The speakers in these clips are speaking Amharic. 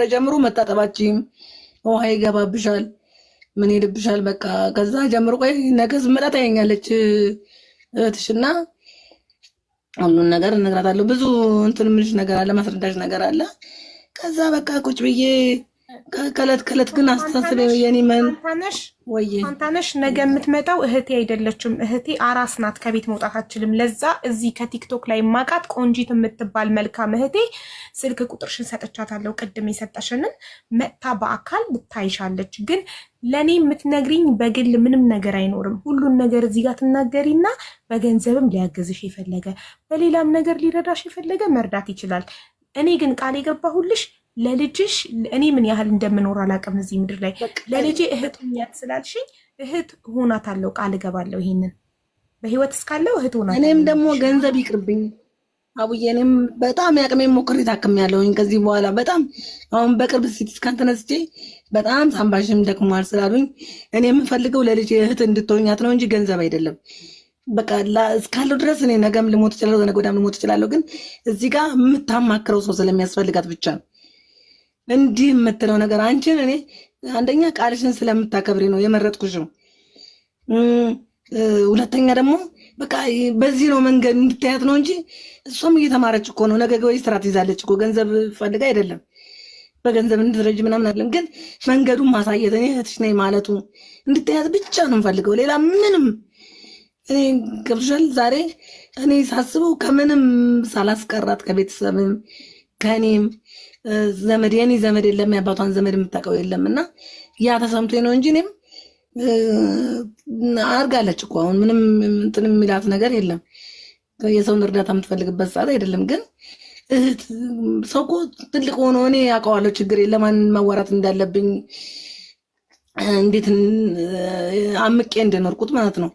ረ ጀምሮ መታጠባችም ውሃ ይገባብሻል፣ ምን ይልብሻል። በቃ ከዛ ጀምሮ ቆይ ነገ ስመጣ ታየኛለች እህትሽና ሁሉን ነገር እነግራታለሁ። ብዙ እንትን ምንሽ ነገር አለ፣ ማስረዳሽ ነገር አለ። ከዛ በቃ ቁጭ ብዬ ከእለት ከእለት ግን አስተሳሰብ የኔ መን ወይ ፋንታነሽ ነገ የምትመጣው እህቴ አይደለችም። እህቴ አራስ ናት፣ ከቤት መውጣት አችልም። ለዛ እዚህ ከቲክቶክ ላይ ማቃት ቆንጂት የምትባል መልካም እህቴ ስልክ ቁጥርሽን ሰጥቻታለሁ። ቅድም የሰጠሽንን መጥታ በአካል ልታይሻለች። ግን ለእኔ የምትነግሪኝ በግል ምንም ነገር አይኖርም። ሁሉን ነገር እዚህ ጋር ትናገሪና በገንዘብም ሊያግዝሽ የፈለገ በሌላም ነገር ሊረዳሽ የፈለገ መርዳት ይችላል። እኔ ግን ቃል የገባሁልሽ ለልጅሽ እኔ ምን ያህል እንደምኖር አላውቅም እዚህ ምድር ላይ ለልጄ እህት ሁኛት ስላልሽኝ እህት አለው ቃል እገባለሁ። ይሄንን በህይወት እስካለው እህት ሆናታለሁ። እኔም ደግሞ ገንዘብ ይቅርብኝ አቡዬ፣ እኔም በጣም ያቅሜ ሞክር ታክም ያለውኝ ከዚህ በኋላ በጣም አሁን በቅርብ ሲቲ ስካን ተነስቼ በጣም ሳምባሽም ደክሟል ስላሉኝ እኔ የምፈልገው ለልጄ እህት እንድትሆኛት ነው እንጂ ገንዘብ አይደለም። በቃ እስካለው ድረስ እኔ ነገም ልሞት እችላለሁ፣ ነገ ወዲያም ልሞት እችላለሁ። ግን እዚህ ጋር የምታማክረው ሰው ስለሚያስፈልጋት ብቻ ነው እንዲህ የምትለው ነገር አንቺን እኔ አንደኛ ቃልሽን ስለምታከብሪ ነው የመረጥኩሽ ነው። ሁለተኛ ደግሞ በቃ በዚህ ነው መንገድ እንድታያት ነው እንጂ እሷም እየተማረች እኮ ነው። ነገ ወይ ስራ ትይዛለች እኮ ገንዘብ ፈልጋ አይደለም በገንዘብ እንድትረጅ ምናምን አለም። ግን መንገዱን ማሳየት እኔ እህትሽ ነኝ ማለቱ እንድታያት ብቻ ነው እንፈልገው፣ ሌላ ምንም እኔ ገብቶሻል። ዛሬ እኔ ሳስበው ከምንም ሳላስቀራት ከቤተሰብም ከእኔም ዘመድ የኔ ዘመድ የለም የአባቷን ዘመድ የምታውቀው የለም። እና ያ ተሰምቶ ነው እንጂ እኔም አርጋለች እኮ አሁን ምንም እንትን የሚላት ነገር የለም። የሰውን እርዳታ የምትፈልግበት ሰዓት አይደለም። ግን ሰው እኮ ትልቅ ሆኖ እኔ አውቀዋለሁ ችግር ለማን ማዋራት እንዳለብኝ እንዴት አምቄ እንደኖርኩት ማለት ነው።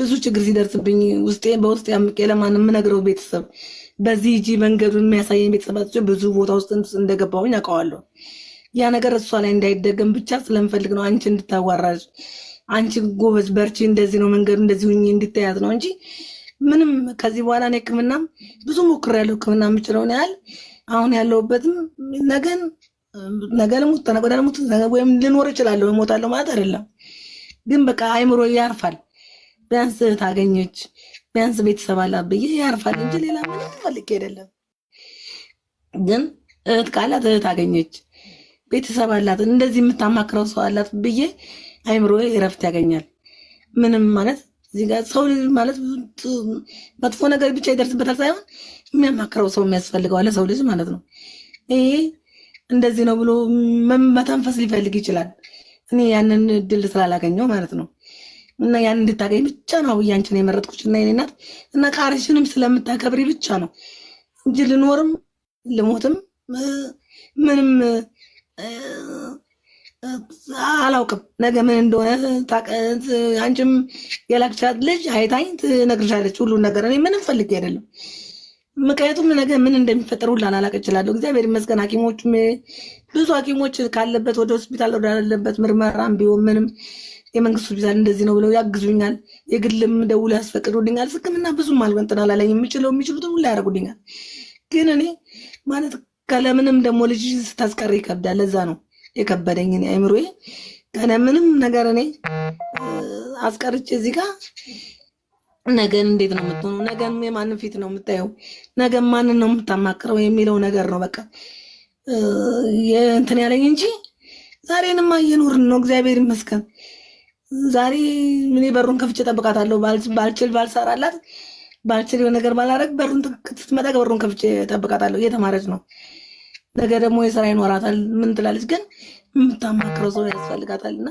ብዙ ችግር ሲደርስብኝ ውስጤ በውስጤ አምቄ ለማን የምነግረው ቤተሰብ በዚህ እጂ መንገዱ የሚያሳየኝ ሲሆን ብዙ ቦታ ውስጥ እንደገባሁኝ አውቀዋለሁ። ያ ነገር እሷ ላይ እንዳይደገም ብቻ ስለምፈልግ ነው አንቺ እንድታዋራጅ፣ አንቺ ጎበዝ በርቺ፣ እንደዚህ ነው መንገዱ እንደዚህ ሁኚ እንድታያዝ ነው እንጂ ምንም ከዚህ በኋላ እኔ ሕክምና ብዙ ሞክሬያለሁ። ሕክምና የምችለውን ያህል አሁን ያለሁበትም ነገን ነገ ልሙት ተነገ ወዲያ ልሙት ወይም ልኖር እችላለሁ እሞታለሁ ማለት አይደለም። ግን በቃ አይምሮ ያርፋል። ቢያንስ ታገኘች ቢያንስ ቤተሰብ ብዬ ያርፋል እንጂ ሌላ ምንም ፈልጌ አይደለም። ግን እህት ካላት እህት አገኘች፣ ቤተሰብ አላት፣ እንደዚህ የምታማክረው ሰው አላት ብዬ አይምሮ እረፍት ያገኛል። ምንም ማለት እዚህ ጋር ሰው ልጅ ማለት መጥፎ ነገር ብቻ ይደርስበታል ሳይሆን የሚያማክረው ሰው የሚያስፈልገው አለ ሰው ልጅ ማለት ነው። ይሄ እንደዚህ ነው ብሎ መተንፈስ ሊፈልግ ይችላል። እኔ ያንን እድል ስላላገኘው ማለት ነው። እና ያን እንድታገኝ ብቻ ነው አብዬ አንቺን እና የኔ እናት እና ቃልሽንም ስለምታከብሪ ብቻ ነው እንጂ ልኖርም ልሞትም ምንም አላውቅም። ነገ ምን እንደሆነ አንቺም የላክቻት ልጅ አይታኝ ትነግርሻለች ሁሉን ነገር። እኔ ምንም ፈልጌ አይደለም። ምክንያቱም ነገ ምን እንደሚፈጠር ሁላ ላላቅ እችላለሁ። እግዚአብሔር ይመስገን ሐኪሞቹም ብዙ ሐኪሞች ካለበት ወደ ሆስፒታል ወዳለበት ምርመራም ቢሆን ምንም የመንግስት ሆስፒታል እንደዚህ ነው ብለው ያግዙኛል። የግልም ደውሎ ያስፈቅዱልኛል። ሕክምና ብዙም አልበንጥና ላለኝ የሚችለው የሚችሉትን ሁላ ያደርጉልኛል። ግን እኔ ማለት ከለምንም ደግሞ ልጅ ስታስቀር ይከብዳል። ለዛ ነው የከበደኝ አይምሮ ከለምንም ነገር እኔ አስቀርጭ እዚህ ጋር ነገን እንዴት ነው የምትሆኑ? ነገን የማንን ፊት ነው የምታየው? ነገን ማንን ነው የምታማክረው የሚለው ነገር ነው። በቃ የእንትን ያለኝ እንጂ ዛሬንማ እየኖርን ነው፣ እግዚአብሔር ይመስገን። ዛሬ እኔ በሩን ከፍቼ ጠብቃታለሁ። ባልችል ባልሰራላት ባልችል የሆነ ነገር ባላረግ በሩን ስትመጣ በሩን ከፍቼ ጠብቃታለሁ። እየተማረች ነው። ነገ ደግሞ የስራ ይኖራታል። ምን ትላለች ግን የምታማክረው ሰው ያስፈልጋታል። እና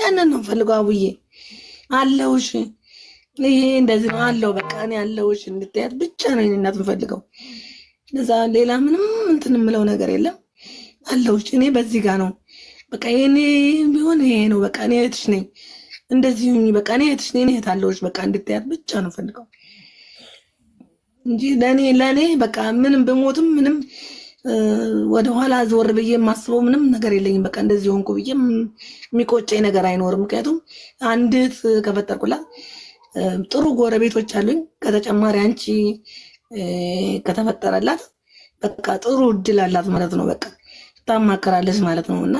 ያንን ነው ፈልገው አቡዬ አለውሽ፣ ይሄ እንደዚህ ነው አለው። በቃ እኔ አለውሽ እንድታያት ብቻ ነው እናት ምፈልገው። እዛ ሌላ ምንም እንትን ምለው ነገር የለም። አለውሽ እኔ በዚህ ጋር ነው በቃ የኔ ቢሆን ይሄ ነው። በቃ እኔ እህትሽ ነኝ፣ እንደዚህ በቃ እኔ እህትሽ ነኝ፣ እህት አለሁሽ፣ በቃ እንድትያት ብቻ ነው ፈልገው እንጂ ለእኔ ለእኔ በቃ ምንም ብሞትም ምንም ወደኋላ ዞር ብዬ የማስበው ምንም ነገር የለኝም። በቃ እንደዚህ ሆንኩ ብዬ የሚቆጨኝ ነገር አይኖርም። ምክንያቱም አንድ እህት ከፈጠርኩላት ጥሩ ጎረቤቶች አሉኝ። ከተጨማሪ አንቺ ከተፈጠረላት በቃ ጥሩ እድል አላት ማለት ነው በቃ ታማከራለች ማለት ነው። እና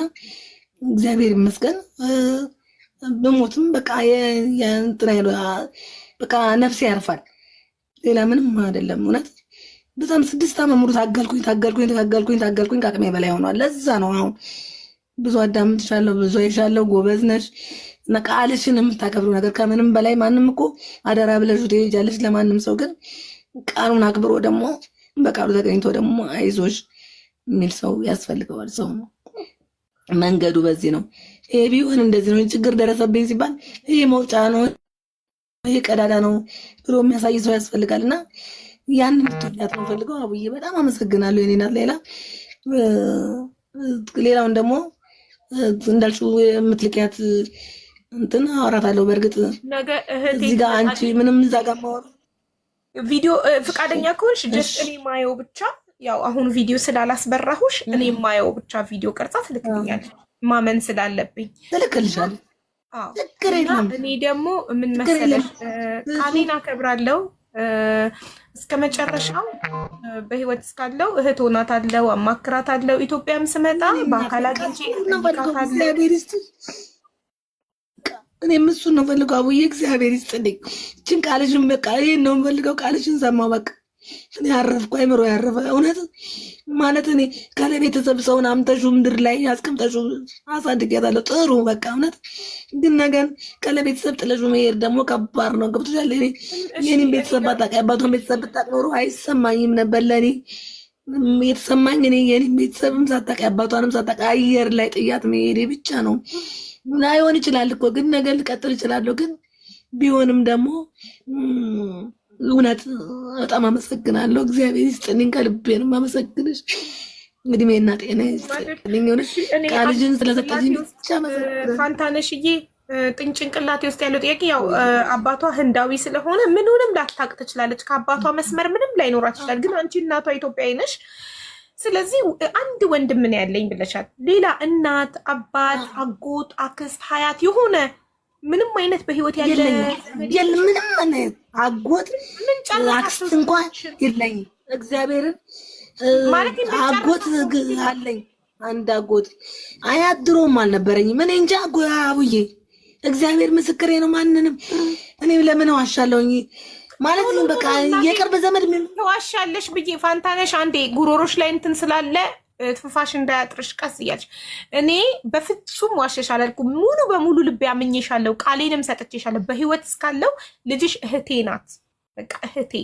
እግዚአብሔር ይመስገን በሞትም በቃ የእንትና በቃ ነፍሴ ያርፋል። ሌላ ምንም አይደለም። እውነት በጣም ስድስት ዓመት ሙሉ ታገልኩኝ ታገልኩኝ ታገልኩኝ ታገልኩኝ ከአቅሜ በላይ ሆኗል። ለዛ ነው አሁን ብዙ አዳምጥሻለሁ፣ ብዙ አይሻለሁ። ጎበዝ ነሽ እና ቃልሽን የምታከብሩ ነገር ከምንም በላይ ማንም እኮ አደራ ብለሽ ትሄጃለሽ። ለማንም ሰው ግን ቃሉን አክብሮ ደግሞ በቃሉ ተገኝቶ ደግሞ አይዞሽ የሚል ሰው ያስፈልገዋል። ሰው ነው መንገዱ በዚህ ነው። ይሄ ቢሆን እንደዚህ ነው። ችግር ደረሰብኝ ሲባል ይህ መውጫ ነው፣ ይህ ቀዳዳ ነው ብሎ የሚያሳይ ሰው ያስፈልጋል። እና ያንን ብትወዳት ነው ፈልገው። አቡዬ በጣም አመሰግናለሁ የኔ ናት። ሌላ ሌላውን ደግሞ እንዳልሽው የምትልቅያት እንትን አወራታለሁ። በእርግጥ እዚህ ጋር አንቺ ምንም እዛ ጋር ማወራ ቪዲዮ ፍቃደኛ ከሆንሽ ጀስት እኔ ማየው ብቻ ያው አሁን ቪዲዮ ስላላስበራሁሽ እኔ የማየው ብቻ ቪዲዮ ቀርጻ ትልክልኛለሽ። ማመን ስላለብኝ ትልክልሻለሽ። እኔ ደግሞ ምን መሰለሽ ቃሌን አከብራለሁ እስከ መጨረሻው በህይወት እስካለው እህት ሆናት አለው አማክራት አለው። ኢትዮጵያም ስመጣ በአካል አግኝቼ እኔም እሱን ነው ፈልገው። አቡዬ እግዚአብሔር ይስጥልኝ። ችን ቃልሽን በቃ ይሄን ነው ፈልገው። ቃልሽን ሰማሁ በቃ እኔ አረፍኩ፣ አይምሮ ያረፈ እውነት ማለት እኔ ከኔ ቤተሰብ ሰውን አምተሹ ምድር ላይ አስቀምጠሹ አሳድጌያታለሁ። ጥሩ በቃ እውነት ግን ነገን ከኔ ቤተሰብ ጥለሹ መሄድ ደግሞ ከባድ ነው። ገብቶሻል? የኔም ቤተሰብ ባታውቂ አባቷን ቤተሰብ ብታቅኖሩ አይሰማኝም ነበር ለእኔ የተሰማኝ እኔ የኔም ቤተሰብም ሳታውቂ አባቷንም ሳታውቂ አየር ላይ ጥያት መሄዴ ብቻ ነው። ላይሆን ይችላል እኮ ግን ነገር ልቀጥል ይችላለሁ ግን ቢሆንም ደግሞ እውነት በጣም አመሰግናለሁ። እግዚአብሔር ይስጥልኝ፣ ከልቤ ነው የማመሰግንሽ። እድሜና ጤና ይስጥልኝ። ቃልሽን ስለሰጠሽኝ ብቻ ፋንታነሽዬ ጭንቅላቴ ውስጥ ያለው ጥያቄ ያው አባቷ ህንዳዊ ስለሆነ ምንንም ላታቅ ትችላለች። ከአባቷ መስመር ምንም ላይኖራ ትችላል። ግን አንቺ እናቷ ኢትዮጵያዊ ነሽ። ስለዚህ አንድ ወንድም ነው ያለኝ ብለሻል። ሌላ እናት፣ አባት፣ አጎት፣ አክስት፣ ሀያት የሆነ ምንም አይነት በህይወት ያለኝ ያለ ምንም አይነት አጎት ምን ጫላክስ እንኳን የለኝም። እግዚአብሔርን ማለት አጎት አለኝ አንድ አጎት አያት ድሮም አልነበረኝም። እኔ እንጃ አጎ አቡዬ እግዚአብሔር ምስክሬ ነው። ማንንም እኔ ለምን ዋሻለሁኝ ማለት ነው። በቃ የቅርብ ዘመድ ተዋሻለሽ ብዬ ፋንታነሽ አንዴ ጉሮሮሽ ላይ እንትን ስላለ ትንፋሽ እንዳያጥርሽ ቀስ እያልሽ። እኔ በፍጹም ዋሸሽ አላልኩም። ሙሉ በሙሉ ልብ ያምኜሻለሁ፣ ቃሌንም ሰጥቼሻለሁ። በህይወት እስካለው ልጅሽ እህቴ ናት። በቃ እህቴ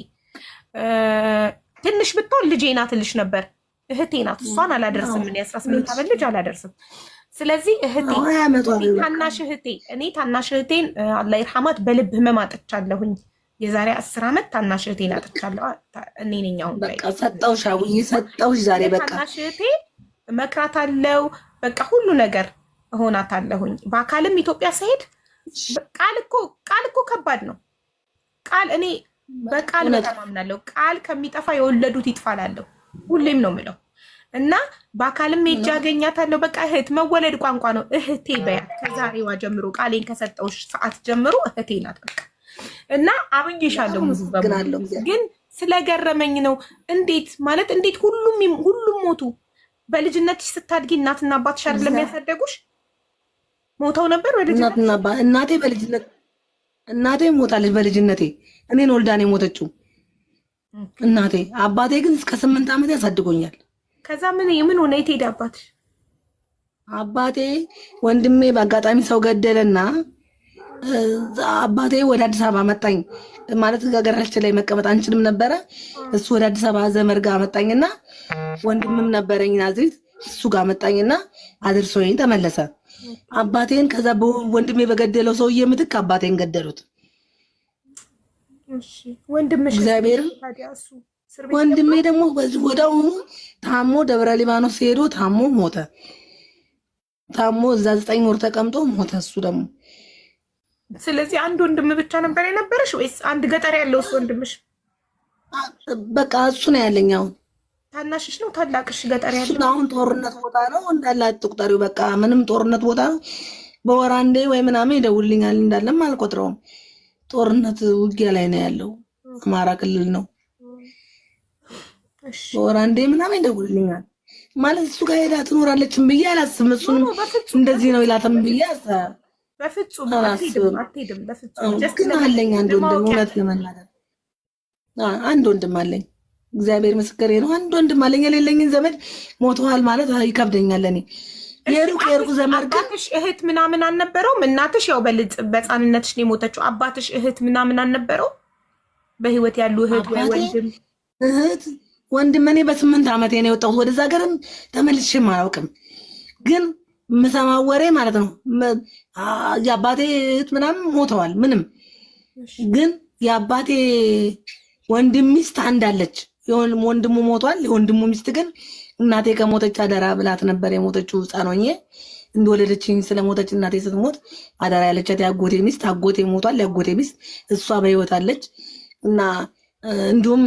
ትንሽ ብትሆን ልጄ ናት ልሽ ነበር። እህቴ ናት። እሷን አላደርስም። እኔ አስራ ስምንት ዓመት ልጅ አላደርስም። ስለዚህ እህቴ ታናሽ እህቴ እኔ ታናሽ እህቴን አላህ ይርሐማት በልብ ህመም አጥቻለሁኝ። የዛሬ አስር ዓመት ታናሽ እህቴን አጥቻለሁ። እኔ ነኝ አሁን በቃ ሰጠውሽ፣ አውዬ ሰጠውሽ። ዛሬ በቃ ታናሽ እህቴ መክራት አለው። በቃ ሁሉ ነገር እሆናት አለሁኝ። በአካልም ኢትዮጵያ ስሄድ ቃል እኮ ቃል እኮ ከባድ ነው። ቃል እኔ በቃል በጣም አምናለሁ። ቃል ከሚጠፋ የወለዱት ይጥፋላለሁ። ሁሌም ነው ምለው እና በአካልም ሄጄ አገኛታለሁ። በቃ እህት መወለድ ቋንቋ ነው። እህቴ በያ ከዛሬዋ ጀምሮ ቃሌን ከሰጠውሽ ሰዓት ጀምሮ እህቴ ናት በቃ እና አብዬሻለሁ ግን ስለገረመኝ ነው። እንዴት ማለት እንዴት ሁሉም ሁሉም ሞቱ? በልጅነትሽ ስታድጊ እናትና አባትሽ አይደለም ያሳደጉሽ? ሞተው ነበር በልጅነት እናቴ በልጅነት እናቴ ሞታለች። በልጅነቴ እኔን ወልዳኔ ሞተችው እናቴ። አባቴ ግን እስከ ስምንት ዓመት ያሳድጎኛል። ከዛ ምን የምን ሆነ? የት ሄደ አባትሽ? አባቴ ወንድሜ በአጋጣሚ ሰው ገደለና አባቴ ወደ አዲስ አበባ መጣኝ ማለት ሀገራችን ላይ መቀመጥ አንችልም ነበረ። እሱ ወደ አዲስ አበባ ዘመድ ጋር መጣኝና ወንድምም ነበረኝ ናዝሪት እሱ ጋር መጣኝና አድርሶኝ ተመለሰ። አባቴን ከዛ ወንድሜ በገደለው ሰውዬ ምትክ አባቴን ገደሉት። እግዚአብሔር ወንድሜ ደግሞ ወዲያውኑ ታሞ ደብረ ሊባኖስ ሄዶ ታሞ ሞተ። ታሞ እዛ ዘጠኝ ወር ተቀምጦ ሞተ እሱ ደግሞ ስለዚህ አንድ ወንድም ብቻ ነበር የነበረሽ ወይስ አንድ ገጠር ያለው እሱ ወንድምሽ? በቃ እሱ ነው ያለኝ። አሁን ታናሽሽ ነው ታላቅሽ? ገጠር ያለው አሁን ጦርነት ቦታ ነው እንዳለ አትቁጠሪው። በቃ ምንም ጦርነት ቦታ ነው። በወር አንዴ ወይ ምናምን ይደውልኛል። እንዳለም አልቆጥረውም። ጦርነት ውጊያ ላይ ነው ያለው። አማራ ክልል ነው። በወር አንዴ ምናምን ይደውልኛል። ማለት እሱ ጋር ሄዳ ትኖራለችን ብዬ አላስብም። እሱንም እንደዚህ ነው ይላትም ብዬ በፍጹም አትሄድም። በፍጹም ግን አለኝ አንድ ወንድም፣ እውነት ለመናገር አንድ ወንድም አለኝ። እግዚአብሔር ምስክሬ ነው። አንድ ወንድም አለኝ። የሌለኝን ዘመድ ሞተዋል ማለት ይከብደኛል። እኔ የሩቅ የሩቅ ዘመድ ግን እህት ምናምን አልነበረውም። እናትሽ ያው በልጽ በሕፃንነትሽ ነው የሞተችው። አባትሽ እህት ምናምን አልነበረው በህይወት ያሉ እህት ወንድም እህት ወንድም። እኔ በስምንት ዓመቴ ነው የወጣሁት። ወደዛ ሀገርም ተመልሼም አላውቅም ግን የምሰማው ወሬ ማለት ነው። የአባቴ እህት ምናምን ሞተዋል። ምንም ግን የአባቴ ወንድም ሚስት አንድ አለች። ወንድሙ ሞቷል። የወንድሙ ሚስት ግን እናቴ ከሞተች አደራ ብላት ነበር የሞተችው ህፃን ሆኜ እንደወለደችኝ ስለሞተች እናቴ ስትሞት አደራ ያለቻት የአጎቴ ሚስት አጎቴ ሞቷል። የአጎቴ ሚስት እሷ በህይወት አለች እና እንዲሁም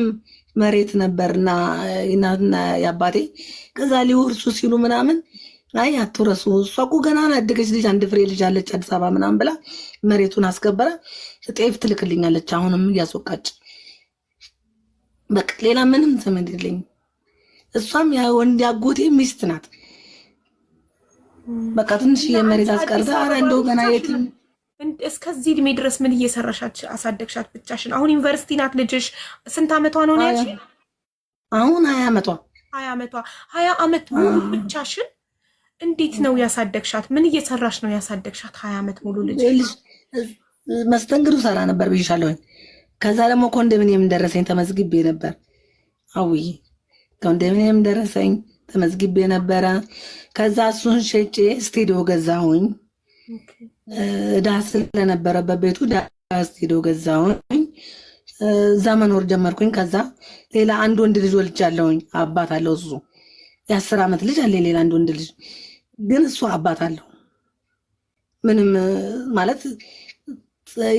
መሬት ነበር እና የአባቴ ከዛ ሊወርሱ ሲሉ ምናምን አይ አትውረሱ፣ እሷ እኮ ገና ያደገች ልጅ አንድ ፍሬ ልጅ አለች አዲስ አበባ ምናምን ብላ መሬቱን አስገበረ ጤፍ ትልክልኛለች አሁንም እያስወቃጭ። በቃ ሌላ ምንም ዘመድ የለኝ። እሷም ወንድ ያጎቴ ሚስት ናት። በቃ ትንሽ የመሬት አስቀርታ አረ እንደው ገና የት እስከዚህ እድሜ ድረስ ምን እየሰራሻች አሳደግሻት ብቻሽን? አሁን ዩኒቨርሲቲ ናት ልጅሽ። ስንት አመቷ ነው ያልሽ? አሁን ሀያ አመቷ ሀያ አመቷ ሀያ አመት ብቻሽን እንዴት ነው ያሳደግሻት? ምን እየሰራሽ ነው ያሳደግሻት? ሀያ ዓመት ሙሉ ልጅ መስተንግዶ ሰራ ነበር ብይሻለሁኝ። ከዛ ደግሞ ኮንዶሚኒየም ደረሰኝ ተመዝግቤ ነበር። አውይ ኮንዶሚኒየም ደረሰኝ ተመዝግቤ ነበረ። ከዛ እሱን ሸጬ ስቱዲዮ ገዛሁኝ። እዳ ስለነበረበት ቤቱ እዳ ስቱዲዮ ገዛሁኝ። እዛ መኖር ጀመርኩኝ። ከዛ ሌላ አንድ ወንድ ልጅ ወልጃለሁኝ። አባት አለው እሱ የአስር ዓመት ልጅ አለ ሌላ አንድ ወንድ ልጅ ግን እሷ አባት አለው ምንም ማለት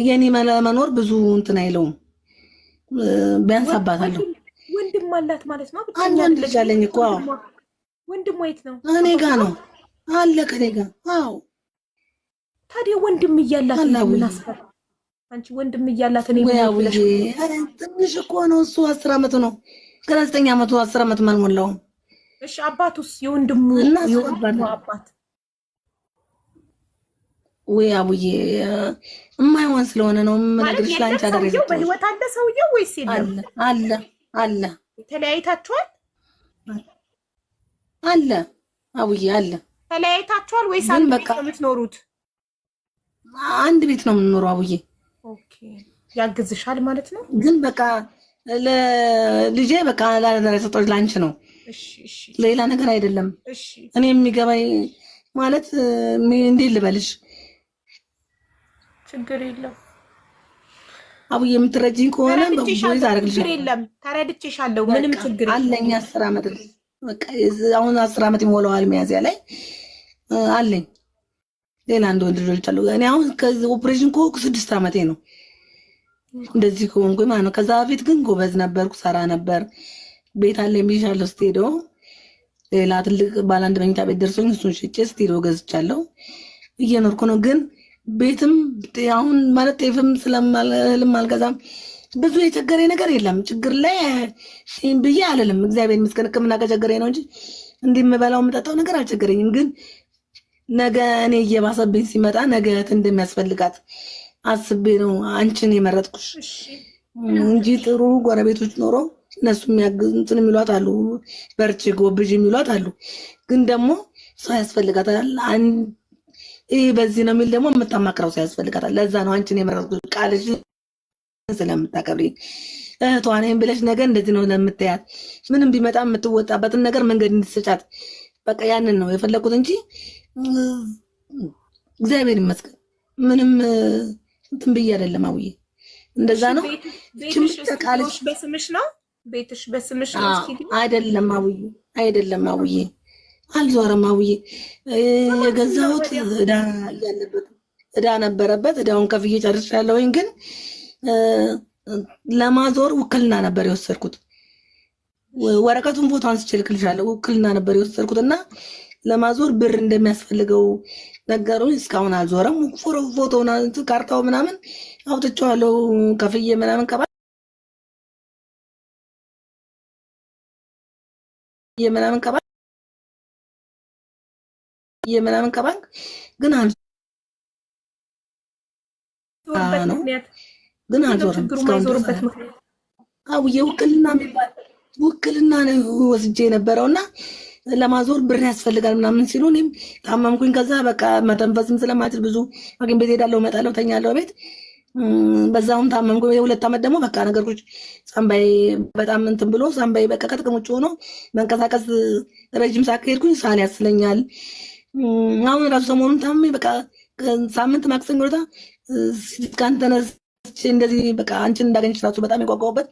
የኔ መኖር ብዙ እንትን አይለውም። ቢያንስ አባት አለው ወንድም አላት ማለት ነው። አንድ ልጅ አለኝ እኮ ወንድም የት ነው? እኔ ጋ ነው አለ ከኔ ጋ። አዎ ታዲያ ወንድም እያላት ምን አንቺ ወንድም እያላት እኔ ትንሽ እኮ ነው እሱ አስር አመት ነው ከዘጠኝ አመቱ አስር አመት ማን እሺ አባቱስ የወንድሙ አባት ወይ አቡዬ የማይሆን ስለሆነ ነው የምነግርሽ። ለአንቺ አደረገው በህይወት አለ ሰውየው ወይስ የለም? አለ አለ። ተለያይታችኋል? አለ አቡዬ አለ። ተለያይታችኋል ወይስ አንድ ቤት ነው የምትኖሩት? አንድ ቤት ነው የምንኖረው አቡዬ። ኦኬ ያግዝሻል ማለት ነው። ግን በቃ ለልጄ በቃ ላላ ለሰጠች ለአንቺ ነው ሌላ ነገር አይደለም። እኔ የሚገባኝ ማለት እንዴት ልበልሽ፣ ችግር የለም አብዬ የምትረጅኝ ከሆነ በቦይዝ አደረግልሽ የለም ተረድቼሻለሁ። ምንም ችግር አለኝ። አስር ዓመት በቃ አሁን አስር ዓመት ይሞላዋል ሚያዝያ ላይ አለኝ። ሌላ እንደ ወንድ ልጆች አሉ። እኔ አሁን ከዚህ ኦፕሬሽን ከሆንኩ ስድስት ዓመቴ ነው እንደዚህ ከሆንኩኝ ማለት ነው። ከዛ በፊት ግን ጎበዝ ነበርኩ፣ ሰራ ነበር ቤት አለ የሚሻለ ስቴዶ ሌላ ትልቅ ባለ አንድ መኝታ ቤት ደርሶኝ እሱን ሽጬ ስቴዶ ገዝቻለሁ። እየኖርኩ ነው። ግን ቤትም አሁን ማለት ጤፍም ስለማልም አልገዛም። ብዙ የቸገሬ ነገር የለም። ችግር ላይ ብዬ አልልም። እግዚአብሔር ይመስገን ሕክምና ከቸገሬ ነው እንጂ እንዲህ የምበላው የምጠጣው ነገር አልቸገረኝም። ግን ነገ እኔ እየባሰብኝ ሲመጣ ነገ እህት እንደሚያስፈልጋት አስቤ ነው አንቺን የመረጥኩሽ እንጂ ጥሩ ጎረቤቶች ኖረው እነሱ የሚያግዙትን የሚሏት አሉ፣ በርቺ ጎብዥ የሚሏት አሉ። ግን ደግሞ ሰው ያስፈልጋታል። ይህ በዚህ ነው የሚል ደግሞ የምታማክረው ሰው ያስፈልጋታል። ለዛ ነው አንቺን የመረጥኩት ቃልሽ ስለምታከብሪኝ እህቷን ብለሽ ነገር እንደዚህ ነው ለምትያት ምንም ቢመጣ የምትወጣበትን ነገር መንገድ እንድትሰጫት በቃ ያንን ነው የፈለኩት እንጂ እግዚአብሔር ይመስገን ምንም እንትን ብዬ አይደለም። አውዬ እንደዛ ነው። በስምሽ ነው ቤትሽ በስምሽ አይደለም። አውዬ አይደለም። አውዬ አልዞረም። አውዬ የገዛሁት እዳ ያለበት እዳ ነበረበት። እዳውን ከፍዬ ጨርሻለሁኝ። ግን ለማዞር ውክልና ነበር የወሰድኩት። ወረቀቱን ፎቶ አንስቼ ልክልሻለሁ። ውክልና ነበር የወሰድኩት እና ለማዞር ብር እንደሚያስፈልገው ነገሩኝ። እስካሁን አልዞረም። ፎቶ ካርታው ምናምን አውጥቼዋለሁ ከፍዬ ምናምን የምናምን ከባንክ የምናምን ከባንክ ግን አንዞርም ግን አንዞርም። አዎ የውክልና የሚባል ውክልና ወስጄ የነበረውና ለማዞር ብር ያስፈልጋል ምናምን ሲሉ እኔም ታመምኩኝ። ከዛ በቃ መተንፈስም ስለማችል ብዙ ሐኪም ቤት ሄዳለሁ፣ እመጣለሁ፣ ተኛለሁ ቤት በዛውም ታመምኩ። የሁለት ዓመት ደግሞ በቃ ነገሮች ጸንባይ በጣም እንትን ብሎ ጸንባይ በቃ ከጥቅም ውጭ ሆኖ መንቀሳቀስ ረዥም ሰዓት ከሄድኩኝ ሳል ያስለኛል። አሁን ራሱ ሰሞኑን ታምሜ በቃ ሳምንት ማክሰኞ ዕለት ተነስ እንደዚህ በቃ አንቺን እንዳገኘች እራሱ በጣም የጓጓሁበት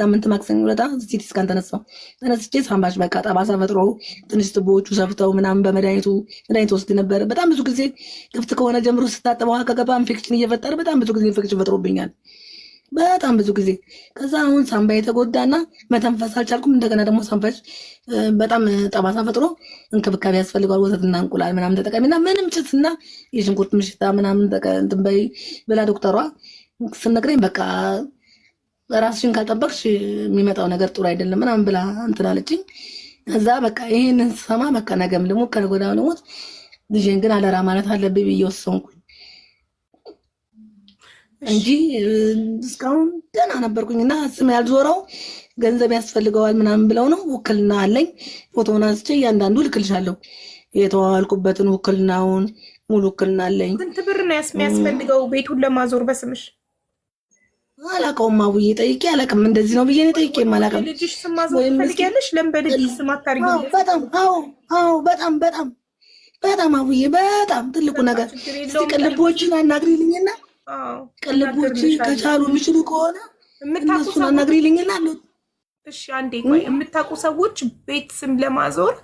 ሳምንት ማክሰኝ ሁለታ ሲቲ ስካን ተነሳው ተነስቼ ሳምባሽ በቃ ጠባሳ ፈጥሮ ትንሽ ትቦቹ ሰፍተው ምናምን በመድኃኒቱ መድኃኒት ወስድ ነበር። በጣም ብዙ ጊዜ ክፍት ከሆነ ጀምሮ ስታጠብ ውሃ ከገባ ኢንፌክሽን እየፈጠረ በጣም ብዙ ጊዜ ኢንፌክሽን ፈጥሮብኛል። በጣም ብዙ ጊዜ ከዛ አሁን ሳምባ የተጎዳና መተንፈስ አልቻልኩም። እንደገና ደግሞ ሳምባሽ በጣም ጠባሳ ፈጥሮ እንክብካቤ ያስፈልገዋል። ወተትና እንቁላል ምናምን ተጠቀሚና ምንም ጭስና የሽንኩርት ምሽታ ምናምን በይ ብላ ዶክተሯ ስነግረኝ በቃ ራስሽን ካልጠበቅሽ የሚመጣው ነገር ጥሩ አይደለም ምናምን ብላ እንትን አለችኝ። እዛ በቃ ይህንን ስሰማ በቃ ነገም ደግሞ ከነጎዳ ልሞት ልጄን ግን አደራ ማለት አለብኝ ብዬ ወሰንኩኝ እንጂ እስካሁን ደህና ነበርኩኝ። እና ስም ያልዞረው ገንዘብ ያስፈልገዋል ምናምን ብለው ነው። ውክልና አለኝ፣ ፎቶውን አንስቼ እያንዳንዱ ልክልሻለሁ። የተዋዋልኩበትን ውክልናውን ሙሉ ውክልና አለኝ። ስንት ብር ነው የሚያስፈልገው ቤቱን ለማዞር በስምሽ? አላውቀውም። አቡዬ ጠይቄ አላውቅም። እንደዚህ ነው ብዬ ጠይቄ አላውቅም። ልጅሽ ስም ማዘዝ ትፈልጊያለሽ? ለምን በልጅሽ ስም አታደርጊው? በጣም አዎ፣ አዎ፣ በጣም በጣም በጣም አቡዬ፣ በጣም ትልቁ ነገር እስኪ ቅልቦችን አናግሪልኝና ቅልቦችን ከቻሉ የሚችሉ ከሆነ እነሱን አናግሪልኝና አሉ። እሺ፣ አንዴ ቆይ። የምታውቁ ሰዎች ቤት ስም ለማዞር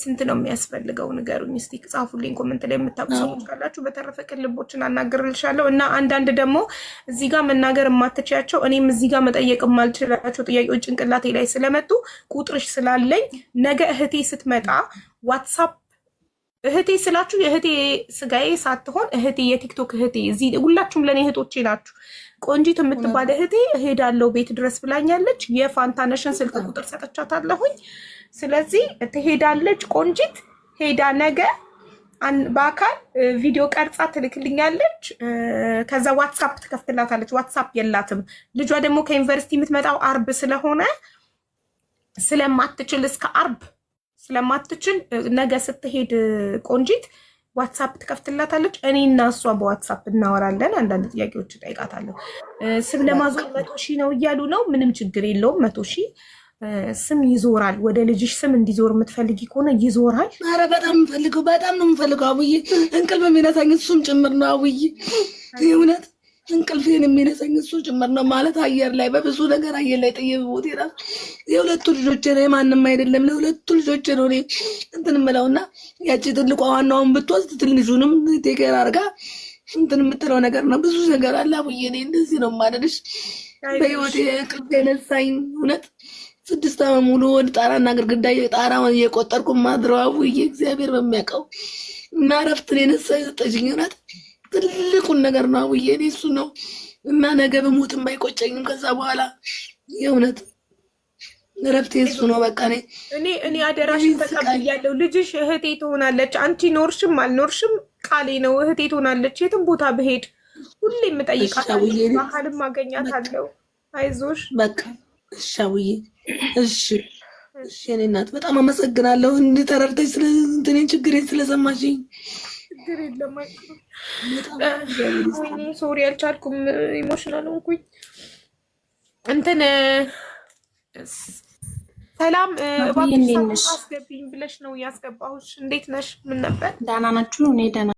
ስንት ነው የሚያስፈልገው? ንገሩኝ እስቲ ጻፉልኝ፣ ኮመንት ላይ የምታውቁ ሰዎች ካላችሁ። በተረፈ ቅልቦችን አናግርልሻለሁ እና አንዳንድ ደግሞ እዚህ ጋር መናገር የማትችያቸው እኔም እዚህ ጋር መጠየቅ የማልችላቸው ጥያቄዎች ጭንቅላቴ ላይ ስለመጡ ቁጥርሽ ስላለኝ ነገ እህቴ ስትመጣ ዋትሳፕ እህቴ ስላችሁ የእህቴ ስጋዬ ሳትሆን እህቴ የቲክቶክ እህቴ እዚህ ሁላችሁም ለእኔ እህቶቼ ናችሁ። ቆንጂት የምትባል እህቴ እሄዳለሁ ቤት ድረስ ብላኛለች። የፋንታነሽን ስልክ ቁጥር ሰጠቻታለሁኝ። ስለዚህ ትሄዳለች ቆንጂት ሄዳ ነገ በአካል ቪዲዮ ቀርጻ ትልክልኛለች። ከዛ ዋትሳፕ ትከፍትላታለች። ዋትሳፕ የላትም ልጇ ደግሞ ከዩኒቨርሲቲ የምትመጣው አርብ ስለሆነ ስለማትችል እስከ አርብ ስለማትችል ነገ ስትሄድ ቆንጂት ዋትሳፕ ትከፍትላታለች። እኔ እና እሷ በዋትሳፕ እናወራለን። አንዳንድ ጥያቄዎች እጠይቃታለሁ። ስም ለማዞር መቶ ሺህ ነው እያሉ ነው። ምንም ችግር የለውም መቶ ሺህ ስም ይዞራል። ወደ ልጅሽ ስም እንዲዞር የምትፈልጊ ከሆነ ይዞራል። ኧረ በጣም ፈልገው በጣም ነው የምፈልገው አቡዬ። እንቅልፍ የሚነሳኝ እሱም ጭምር ነው አቡዬ። እውነት እንቅልፌን የሚነሳኝ እሱ ጭምር ነው ማለት አየር ላይ በብዙ ነገር አየር ላይ ጥዬ ቦቴ የሁለቱ ልጆች ነው ማንም አይደለም። ለሁለቱ ልጆች ነው እኔ እንትን ምለውና ያቺ ትልቋ ዋናውን ብትወስድ ትንሹንም ቴገር አርጋ እንትን የምትለው ነገር ነው። ብዙ ነገር አለ አቡዬ። እኔ እንደዚህ ነው ማለልሽ በህይወት እንቅልፍ የነሳኝ እውነት ስድስት ዓመት ሙሉ ወደ ጣራና ግድግዳ ጣራውን እየቆጠርኩ ማድረዋቡ እግዚአብሔር በሚያውቀው እና እረፍት የነሳ የሰጠችኝ ናት። ትልቁን ነገር ነው አቡዬ፣ እኔ እሱ ነው እና ነገ በሞትም አይቆጨኝም። ከዛ በኋላ የእውነት እረፍቴ እሱ ነው። በቃ እኔ እኔ አደራሽን ተቀብያለሁ። ልጅሽ እህቴ ትሆናለች። አንቺ ኖርሽም አልኖርሽም ቃሌ ነው እህቴ ትሆናለች። የትም ቦታ ብሄድ ሁሌ የምጠይቃት አካልም አገኛታለሁ። አይዞሽ በቃ እሺ አቡዬ እሺ እሺ፣ እኔ እናት በጣም አመሰግናለሁ። እንደ ተረድተሽ ስለ እንትኔን ችግሬን ስለሰማሽኝ ችግር የለም። ወይኔ ሶሪ አልቻልኩም፣ ኢሞሽናል ሆንኩኝ። እንትን ሰላም እባክሽ አስገብኝ ብለሽ ነው ያስገባሁሽ። እንዴት ነሽ? ምን ነበር? ደህና ናችሁ? እኔ ደህና